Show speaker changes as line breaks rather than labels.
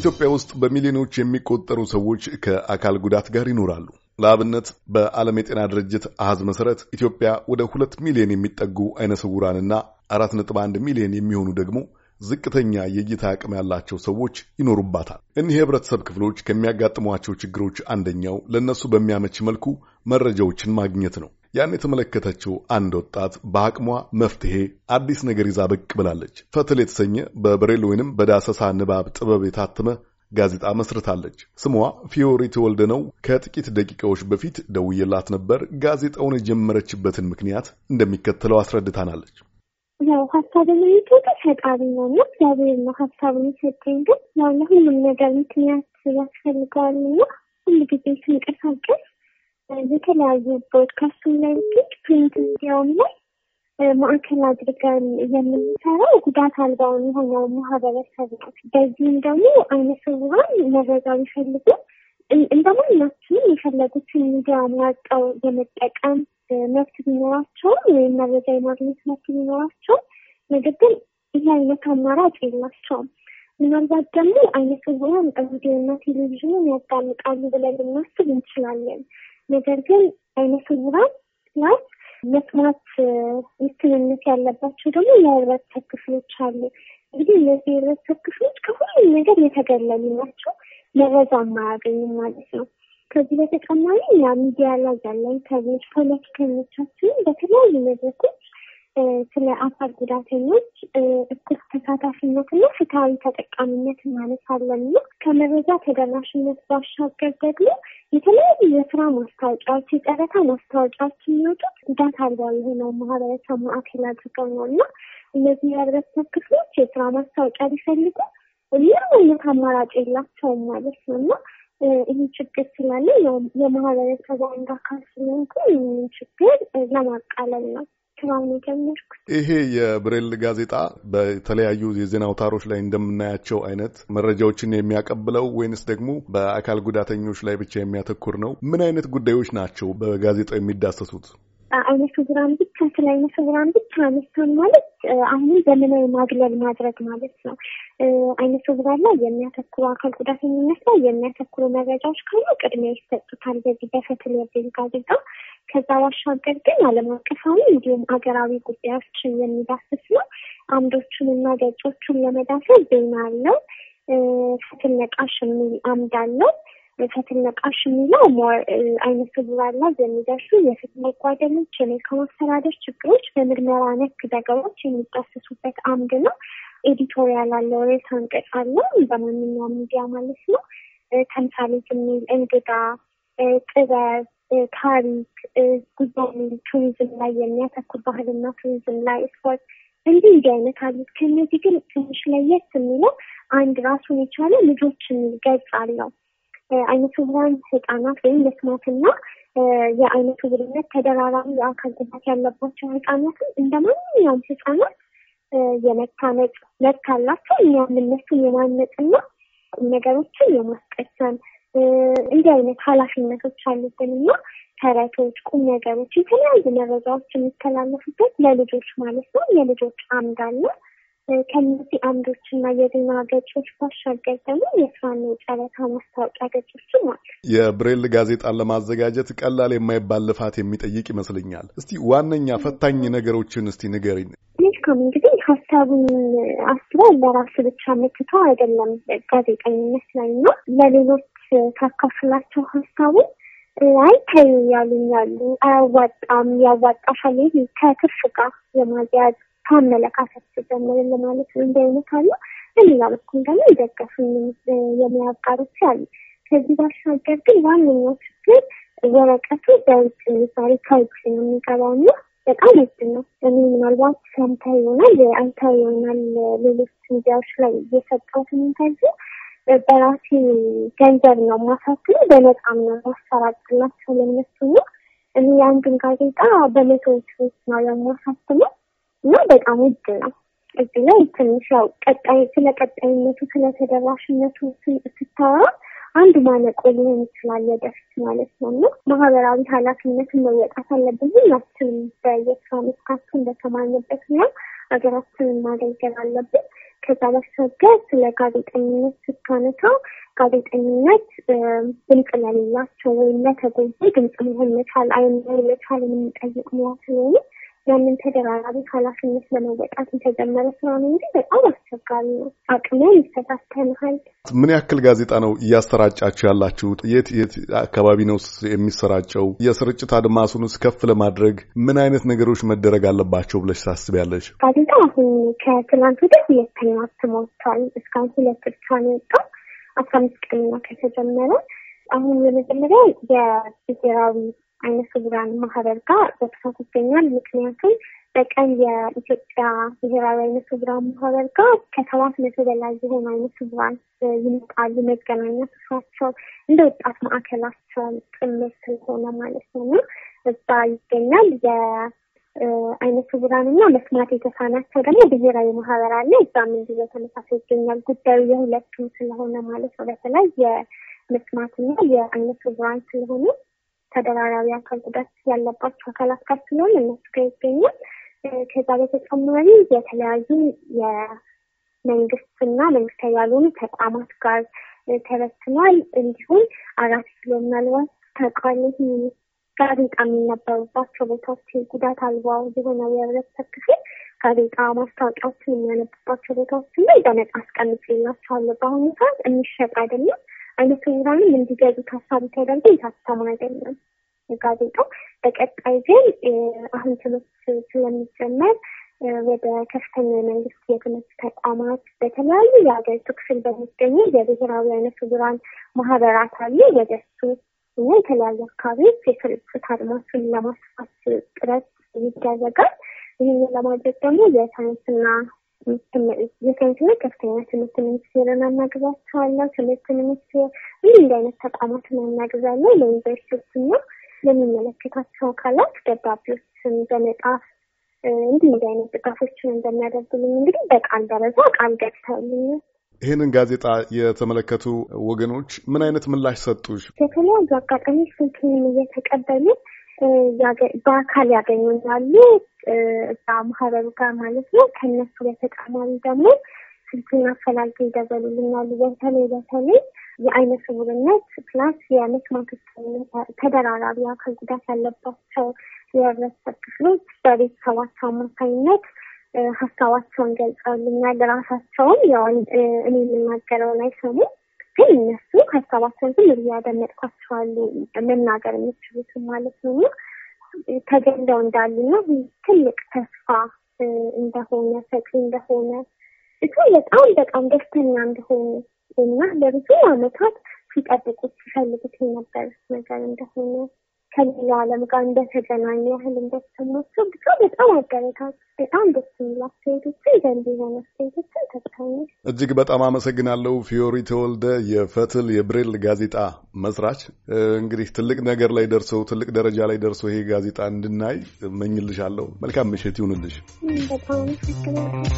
ኢትዮጵያ ውስጥ በሚሊዮኖች የሚቆጠሩ ሰዎች ከአካል ጉዳት ጋር ይኖራሉ። ለአብነት በዓለም የጤና ድርጅት አሃዝ መሠረት ኢትዮጵያ ወደ ሁለት ሚሊዮን የሚጠጉ አይነ ስውራንና አራት ነጥብ አንድ ሚሊዮን የሚሆኑ ደግሞ ዝቅተኛ የእይታ አቅም ያላቸው ሰዎች ይኖሩባታል። እኒህ የህብረተሰብ ክፍሎች ከሚያጋጥሟቸው ችግሮች አንደኛው ለእነሱ በሚያመች መልኩ መረጃዎችን ማግኘት ነው። ያን የተመለከተችው አንድ ወጣት በአቅሟ መፍትሄ አዲስ ነገር ይዛ ብቅ ብላለች። ፈትል የተሰኘ በብሬል ወይንም በዳሰሳ ንባብ ጥበብ የታተመ ጋዜጣ መስርታለች። ስሟ ፊዮሪ ተወልደ ነው። ከጥቂት ደቂቃዎች በፊት ደውዬላት ነበር። ጋዜጣውን የጀመረችበትን ምክንያት እንደሚከተለው አስረድታናለች።
ያው ሀሳብ የሚሰጥ ፈጣሪ ነው እና እግዚአብሔር ነው ሀሳብ የሚሰጠኝ። ግን ያው ለሁሉም ነገር ምክንያት ያስፈልገዋል እና ሁሉ ጊዜ ስንቀሳቀስ የተለያዩ ብሮድካስቲንግ ላይ ግን ፕሪንት ሚዲያውም ላይ ማዕከል አድርገን የምንሰራው ጉዳት አልባውን የሆነው ማህበረሰብ ነው። በዚህም ደግሞ አይነ ስውራን መረጃ ቢፈልጉ እንደ ማናችንም የፈለጉትን ሚዲያ መርጠው የመጠቀም መብት ቢኖራቸውም ወይም መረጃ የማግኘት መብት ቢኖራቸውም ነገር ግን ይህ አይነት አማራጭ የላቸውም። ምናልባት ደግሞ አይነ ስውራን ሬዲዮና ቴሌቪዥንን ያጋልጣሉ ብለን ልናስብ እንችላለን። ነገር ግን አይነ ስውራን ላይ መስማት ውስንነት ያለባቸው ደግሞ የህብረተሰብ ክፍሎች አሉ። እንግዲህ እነዚህ የህብረተሰብ ክፍሎች ከሁሉም ነገር የተገለሉ ናቸው። መረጃ አያገኙም ማለት ነው። ከዚህ በተጨማሪ ያ ሚዲያ ላይ ያለን ሰዎች ፖለቲከኞቻችንን በተለያዩ መድረኮች ስለ አካል ጉዳተኞች እኩል ተሳታፊነትና ፍትሐዊ ተጠቃሚነትን እናነሳለን ነው። ከመረጃ ተደራሽነት ባሻገር ደግሞ የተለያዩ የስራ ማስታወቂያዎች፣ የጨረታ ማስታወቂያዎች የሚወጡት ጉዳት አልባ የሆነው ማህበረሰብ ማዕከል አድርገው ነው እና እነዚህ የህብረተሰብ ክፍሎች የስራ ማስታወቂያ ሊፈልጉ ምንም አይነት አማራጭ የላቸውም ማለት ነው እና ይህ ችግር ስላለ የማህበረሰብ አንድ አካል ስለሆንኩ ይህንን ችግር ለማቃለል ነው። ነው
ይሄ የብሬል ጋዜጣ በተለያዩ የዜና አውታሮች ላይ እንደምናያቸው አይነት መረጃዎችን የሚያቀብለው ወይንስ ደግሞ በአካል ጉዳተኞች ላይ ብቻ የሚያተኩር ነው? ምን አይነት ጉዳዮች ናቸው በጋዜጣው የሚዳሰሱት?
አይነት ስውራን ብቻ ስለ አይነት ስውራን ብቻ አነሳን ማለት አሁንም ዘመናዊ ማግለል ማድረግ ማለት ነው። አይነት ስውራን ላይ የሚያተኩሩ አካል ጉዳተኝነት ላይ የሚያተኩሩ መረጃዎች ካሉ ቅድሚያ ይሰጡታል በዚህ በፈትል የቤት ጋዜጣ። ከዛ ባሻገር ግን ዓለም አቀፋዊ እንዲሁም ሀገራዊ ጉዳዮችን የሚዳስስ ነው። አምዶቹን እና ገጾቹን ለመዳሰስ ዜና አለው። ፍትል ነቃሽ የሚል አምድ አለው። የፍትህ ነቃሽ የሚለው አይነት ስብራት ላይ የሚደርሱ የፊት መጓደሎች የመልካም ከማስተዳደር ችግሮች በምርመራ ነክ ዘገባዎች የሚጠሰሱበት አምድ ነው። ኤዲቶሪያል አለው፣ ርዕሰ አንቀጽ አለው፣ በማንኛውም ሚዲያ ማለት ነው። ተምሳሌ የሚል እንግዳ፣ ጥበብ፣ ታሪክ፣ ጉዞ ቱሪዝም ላይ የሚያተኩር ባህልና ቱሪዝም ላይ ስፖርት እንዲህ እንዲህ አይነት አሉት። ከእነዚህ ግን ትንሽ ለየት የሚለው አንድ ራሱን የቻለ ልጆች የሚል ገጽ አለው። አይነቱ ብርሃን ህጻናት ወይም ለስማትና የአይነቱ ብርነት ተደራራቢ የአካል ጉዳት ያለባቸው ህጻናትን እንደ ማንኛውም ህጻናት የመታነጽ መብት አላቸው። እኛም እነሱን የማነጽና ቁም ነገሮችን የማስቀሰም እንዲህ አይነት ኃላፊነቶች አሉብን እና ተረቶች፣ ቁም ነገሮች፣ የተለያዩ መረጃዎች የሚተላለፉበት ለልጆች ማለት ነው የልጆች አምድ አለ። ከነዚህ አምዶች እና የዜና ገጾች ባሻገር ደግሞ የስራን የጨረታ ማስታወቂያ ገጾችም አሉ።
የብሬል ጋዜጣን ለማዘጋጀት ቀላል የማይባል ልፋት የሚጠይቅ ይመስለኛል። እስቲ ዋነኛ ፈታኝ ነገሮችን እስቲ ንገሪኝ።
መልካም እንግዲህ ሀሳቡን አስበው ለራሱ ብቻ መትተው አይደለም ጋዜጠኝነት ላይ እና ለሌሎች ካካፍላቸው ሀሳቡን ላይ ተይ ያሉኛሉ፣ አያዋጣም፣ ያዋጣሻል ከትርፍ ጋር የማዝያዝ ከአመለካከት ሲጀምር ለማለት ነው። እንዲህ አይነት አሉ። በሌላ በኩል ደግሞ የደገፉ የሚያጋሩት አሉ። ከዚህ ባሻገር ግን ዋነኛው ችግር ወረቀቱ በውጭ ምሳሌ ከውጭ ነው የሚገባው እና በጣም ውድ ነው። እኔ ምናልባት ሰምታ ይሆናል አይታ ይሆናል ሌሎች ሚዲያዎች ላይ እየሰጠሁትን ኢንተርቪው በራሴ ገንዘብ ነው ማሳትም በነጣም ነው ማሰራጭላቸው ለነሱ ነው። እኔ የአንድን ጋዜጣ በመቶዎች ውስጥ ነው የማሳትመው እና በጣም ውድ ነው። እዚህ ላይ ትንሽ ያው ቀጣይ ስለ ቀጣይነቱ ስለ ተደራሽነቱ ስታወራ አንድ ማነቆ ሊሆን ይችላል ወደፊት ማለት ነው እና ማህበራዊ ኃላፊነትን መወጣት አለብን። ሁላችንም በየስራ መስካችን በተማርንበት ነው ሀገራችንን ማገልገል አለብን። ከዛ ባሻገር ስለ ጋዜጠኝነት ስታነሳው ጋዜጠኝነት ድምፅ ለሌላቸው ወይም ለተጎጂ ድምፅ መሆን መቻል አይኖር መቻል የምንጠይቅ ሙያ ስለሆነ ያንን ተደራራቢ ኃላፊነት ለመወጣት የተጀመረ ስራ ነው እንጂ በጣም አስቸጋሪ ነው። አቅሙ ይፈታተንሃል።
ምን ያክል ጋዜጣ ነው እያሰራጫችሁ ያላችሁት? የት የት አካባቢ ነው የሚሰራጨው? የስርጭት አድማሱንስ ከፍ ለማድረግ ምን አይነት ነገሮች መደረግ አለባቸው ብለሽ ታስቢያለሽ?
ጋዜጣ አሁን ከትላንት ወደ ሁለተኛ እትሞታል። እስካሁን ሁለት ብቻ ነው የወጣው። አስራ አምስት ቀንና ከተጀመረ አሁን የመጀመሪያ የብሔራዊ አይነ ስውራን ማህበር ጋር በስፋት ይገኛል። ምክንያቱም በቀን የኢትዮጵያ ብሔራዊ አይነ ስውራን ማህበር ጋር ከሰባት መቶ በላይ የሆኑ አይነ ስውራን ይመጣሉ። መገናኛ ስፍራቸው እንደ ወጣት ማዕከላቸው ጥምር ስለሆነ ማለት ነው። እዛ ይገኛል። የአይነ ስውራን እና መስማት የተሳናቸው ደግሞ ብሔራዊ ማህበር አለ። እዛም እንዲ በተመሳሳይ ይገኛል። ጉዳዩ የሁለቱም ስለሆነ ማለት ነው። በተለይ የመስማት የመስማትና የአይነ ስውራን ስለሆነ ተደራራቢ አካል ጉዳት ያለባቸው አካላት ጋር ስለሆን እነሱ ጋር ይገኛል። ከዛ በተጨማሪ የተለያዩ የመንግስትና መንግስታዊ ያልሆኑ ተቋማት ጋር ተበትኗል። እንዲሁም አራት ኪሎ ምናልባት ተቃዋሚ ጋዜጣ የሚነበሩባቸው ቦታዎች ጉዳት አልባ የሆነ የህብረተሰብ ክፍል ጋዜጣ ማስታወቂያዎችን የሚያነቡባቸው ቦታዎች ላይ በነጻ አስቀምጬላቸዋለሁ። በአሁኑ ሰዓት የሚሸጥ አይደለም። አሊቴራንም እንዲገዙ ሀሳብ ተደርጎ የታተመ አይደለም ጋዜጣው። በቀጣይ ግን አሁን ትምህርት ስለሚጀመር ወደ ከፍተኛ የመንግስት የትምህርት ተቋማት በተለያዩ የሀገሪቱ ክፍል በሚገኙ የብሔራዊ አይነት ስውራን ማህበራት አሉ። ወደሱ እና የተለያዩ አካባቢዎች የስርጭት አድማሱን ለማስፋት ጥረት ይደረጋል። ይህንን ለማድረግ ደግሞ የሳይንስና የሳይንስና ከፍተኛ ትምህርት ሚኒስቴርን አናግዛቸዋለሁ። ትምህርት ሚኒስቴር ይህ እንደ አይነት ተቋማትን አናግዛለሁ። ለዩኒቨርሲቲዎችና ለሚመለከታቸው አካላት ደብዳቤዎችን በመጣፍ እንዲህ እንደ አይነት ድጋፎችን እንደሚያደርጉልኝ እንግዲህ በቃል ደረጃ ቃል ገብተውልኛል።
ይህንን ጋዜጣ የተመለከቱ ወገኖች ምን አይነት ምላሽ ሰጡሽ?
የተለያዩ አጋጣሚዎች ስልክንም እየተቀበሉ በአካል ያገኙኛሉ። እዛ ማህበሩ ጋር ማለት ነው። ከነሱ በተጨማሪ ደግሞ ስልትና አፈላልገ ይገዘሉልናሉ። በተለይ በተለይ የአይነ ስውርነት ፕላስ የመስማት ተደራራቢ አካል ጉዳት ያለባቸው የህብረተሰብ ክፍሎች በቤተሰባቸው አማካኝነት ሀሳባቸውን ገልጸውልኛል። ራሳቸውን ያውን እኔ የምናገረውን አይሰሙም፣ ግን እነሱ ሀሳባቸውን ዝም ብዬ ያደመጥኳቸዋሉ መናገር የሚችሉትም ማለት ነው። ተገለው እንዳሉና ትልቅ ተስፋ እንደሆነ ፈቂ እንደሆነ ብቻ በጣም በጣም ደስተኛ እንደሆኑ እና ለብዙ ዓመታት ሲጠብቁት ሲፈልጉት የነበር ነገር እንደሆነ ከሌላው ዓለም ጋር እንደተገናኙ ያህል እንደተሰማቸው ብቻ በጣም አገረታል። በጣም ደስ የሚል አስተያየቶችን ዘንድ የሆነ አስተያየቶችን ተጠቃሚ።
እጅግ በጣም አመሰግናለሁ። ፊዮሪ ተወልደ የፈትል የብሬል ጋዜጣ መስራች። እንግዲህ ትልቅ ነገር ላይ ደርሰው ትልቅ ደረጃ ላይ ደርሰው ይሄ ጋዜጣ እንድናይ እመኝልሻለሁ። መልካም ምሽት ይሁንልሽ።
በጣም አመሰግናለሁ።